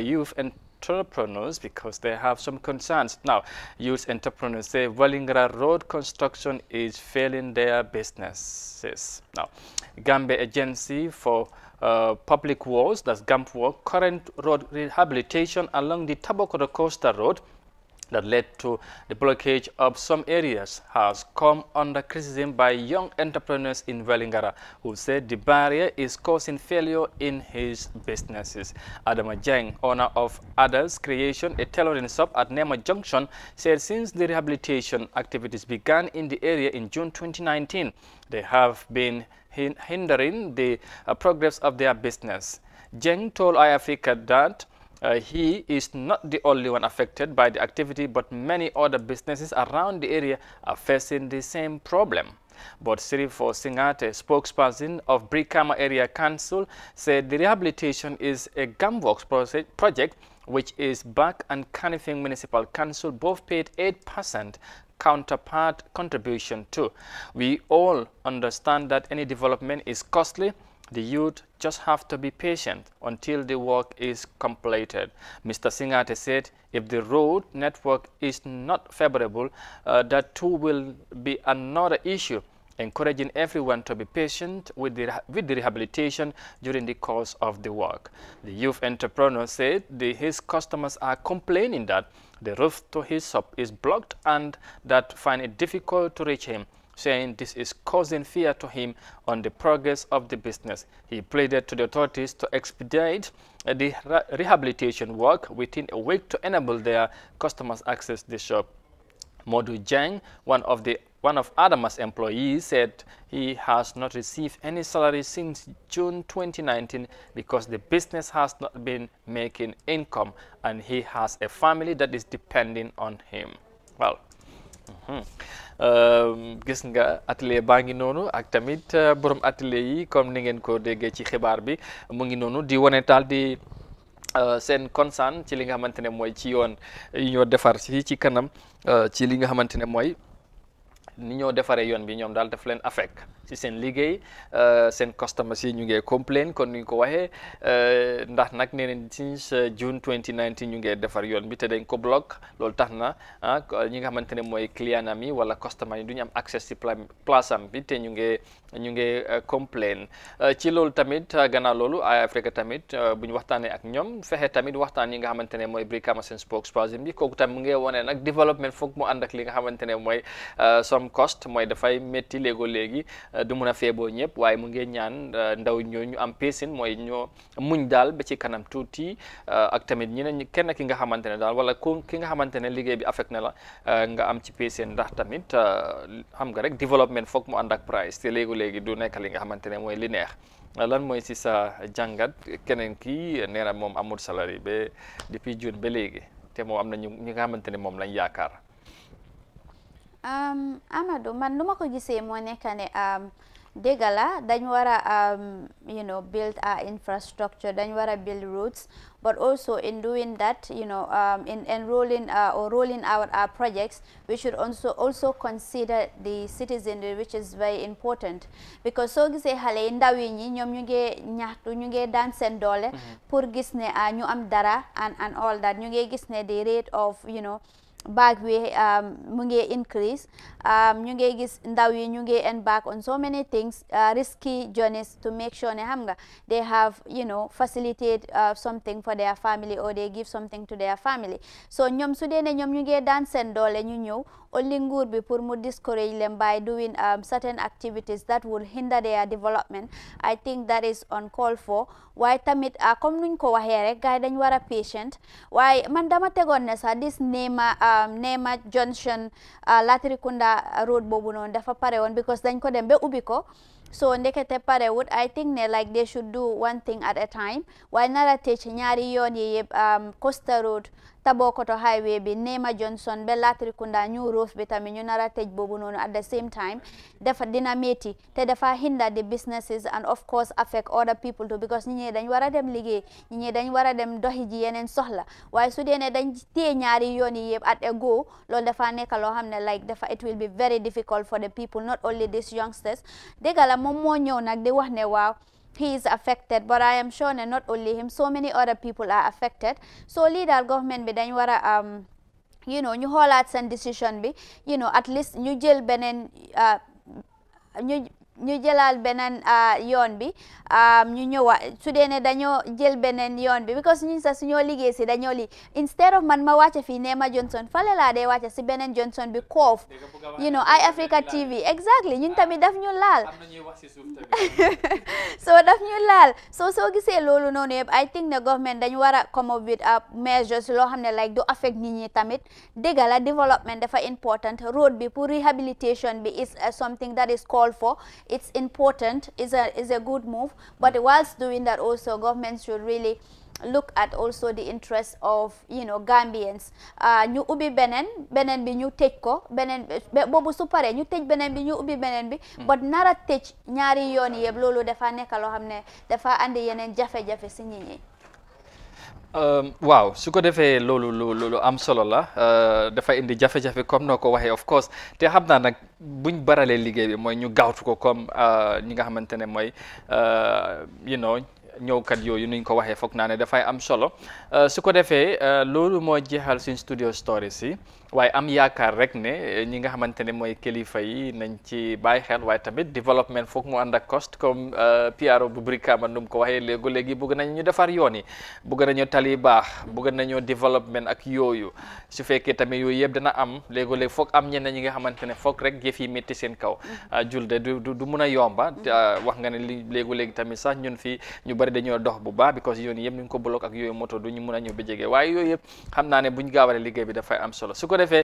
youth entrepreneurs because they have some concerns. Now, youth entrepreneurs say Wallingra Road construction is failing their businesses. Now, Gambia Agency for uh, Public Works, that's GAMP work, current road rehabilitation along the Tabokodo Costa Road that led to the blockage of some areas has come under criticism by young entrepreneurs in Velingara who said the barrier is causing failure in his businesses. Adama Jang, owner of Others Creation, a tailoring shop at Nema Junction, said since the rehabilitation activities began in the area in June 2019, they have been hindering the uh, progress of their business. Jeng told iAfrica that uh, he is not the only one affected by the activity, but many other businesses around the area are facing the same problem. But Sirifo Singate, spokesperson of Brikama Area Council, said the rehabilitation is a GAMWORKS project which is Back and Canifing Municipal Council both paid 8% counterpart contribution to. We all understand that any development is costly the youth just have to be patient until the work is completed. Mr. Singate said if the road network is not favorable, uh, that too will be another issue, encouraging everyone to be patient with the, with the rehabilitation during the course of the work. The youth entrepreneur said the, his customers are complaining that the roof to his shop is blocked and that find it difficult to reach him saying this is causing fear to him on the progress of the business. He pleaded to the authorities to expedite uh, the rehabilitation work within a week to enable their customers access the shop. Modu Jang, one of the one of Adama's employees said he has not received any salary since June 2019 because the business has not been making income and he has a family that is depending on him. Well, Mhm. Euh, gis nga atelier baa ngi noonu ak tamit euh, borom atelier yi comme ni ngeen ko déggee ci xibaar bi mu ngi noonu di wane taal di euh, seen consaan ci li nga xamante ne mooy ci yoon yi ñoo defar ci ci kanam ci li nga xamante ne mooy. ni ñoo defaree yoon bi ñoom daal daf leen affect si seen liggéey euh, seen customers yi ñu ngi complain kon ni ñu ko waxee euh, ndax nag nee nañ since euh, June 2019 ñu ngi defar yoon bi te dañ ko block loolu tax na ah, ñi nga xamante ne mooy client am wala customer yi du am access si place am bi te ñu ngi ñu ngi complain ci loolu tamit gannaaw loolu ay Africa tamit bu ñu waxtaanee ak ñoom fexe tamit waxtaan yi nga xamante ne mooy Brikama seen spokesperson bi kooku tam mu ngi wone nag development foog mu ànd ak li nga xamante ne mooy som am cost mooy dafay métti léegoo léegi euh, du mun a feeboo ñëpp waaye mu ngi ñaan euh, ndaw ñoo ñu am pésin mooy ñoo muñ daal ba ci kanam tuuti euh, ak tamit ñeneen kenn ki nga xamante ne daal wala ku ki nga xamante ne liggéey bi affect na la nga am ci pésin ndax tamit xam nga rek développement foog mu ànd ak price te léegi léegi du nekk li nga xamante ne mooy li neex lan mooy si sa jàngat keneen kii nee na moom amul salari ba depuis juin ba léegi te moom am na ñu ñi nga xamante ne moom lañ yaakaar. Amadou man nu ma ko gisee moo nekk ne dégg la dañ war a you know build our infrastructure dañ war a build roads but also in doing that you know in enrolling uh, or rolling out our projects we should also also consider the citizenry which is very important because soo gisee xale yi ndaw yi ñi ñoom ñu ngee ñaxtu ñu nge daan seen doole mm-hmm. pour gis ne ah, ñu am dara and and all that ñu ngee gis ne the rate of you back we um, mu munge increase. Um, ñu ngi gis ndaw yi ñu ngi embark on so many things uh, risky journeys to make sure ne xam nga they have you know facilitate uh, something for their family or they give something to their family so ñoom su dee ne ñoom ñu ngi daan seen doole ñu ñëw only Ngurbi Purmu discourage them by doing um, certain activities that would hinder their development. I think that is uncalled for. waaye tamit uh, comme nuñ ko waxee rek gars dañ war a patient waaye man dama tegoon ne sax dis Nema um, Nema Junction uh, Latrikunda road boobu noonu dafa pare woon because dañ ko dem ba ubbi ko so ndekete pare wut I think ne like they should do one thing at a time waaye nara tëj ñaari yoon yi yëpp um, Costa Road Tabokoto highway bi Nema Johnson be Latrikunda New Roof bi tamit ñu nara tëj boobu noonu at the same time dafa dina métti te dafa hinder the businesses and of course affect other people too because ñi ñee dañ war a dem liggéey ñi ñee dañ war a dem doxi ji yeneen soxla waaye su dee ne dañ ti ñaari yoon yi yëpp at a go loolu dafa nekk loo xam ne like dafa it will be very difficult for the people not only these youngsters dégg la moom moo ñëw nag di he is affected but I am sure and not only him so many other people are affected so leader government bi dañ war Um, you know ñu xoolaat seen décision bi you know at least ñu jël beneen uh, ñu ñu jëlaal beneen euh, yoon bi euh, ñu ñëwa su dee ne dañoo jël beneen yoon bi because ñun sax suñoo liggéey si dañoo li instead of man ma wàcce fii Neema Johnson fale laa dee wàcce si beneen Johnson bi koof you know Eye Africa TV exactly ñun ah, tamit daf ñu laal so daf ñu laal so soo gisee loolu noonu yëpp I think ne government dañu war a come up with uh, measures loo xam ne like du affect ni ñi tamit dégg la development dafa important road bi pour rehabilitation bi is uh, something that is called for It's important, it's a, it's a good move, but whilst doing that also, government should really look at also the interest of you know Gambians uh, ñu ubbi beneen beneen bi ñu tëj ko beneen su paree ñu tëj beneen bi ñu ubbi beneen bi hmm. but nara tëj ñaari yoon yëpp loolu dafa nekk loo xam ne dafa andi yeneen jafe-jafe si Ehm, waaw su ko defee loolu lu lu am solo la ehm, dafa indi jafe-jafe comme noo ko waxee of course te xam naa nag buñ baralee liggéey bi mooy ñu gaawtu ko comme ehm, ñi nga xamante ne mooy you know ñëwkat yooyu nuñ ko waxee foog naa ne dafay am solo euh, su ko defee euh, loolu moo jeexal suñ studio story si waaye am yaakaar rek ne euh, ñi nga xamante ne mooy kilifa yi nañ ci bàyyi xel waaye tamit développement foog mu ànd ak cost comme PRO bu Brikama nu mu ko waxee léegi léegi bëgg nañ ñu defar yoon yi bëgg nañu tali baax bëgg nañu développement ak yooyu su fekkee tamit yooyu yëpp dana am léegi léegi foog am ñenn ñi nga xamante ne foog rek jëf yi métti seen kaw mm-hmm. ah, julde a yomba ah, wax nga ne léegi léegi bari dañoo dox bu baax because yoon yëpp ñu ngi ko block ak yooyu moto du ñu ñëw ba jege waaye yooyu yëpp xam naa bu ñu gaawale liggéey bi dafay am solo defee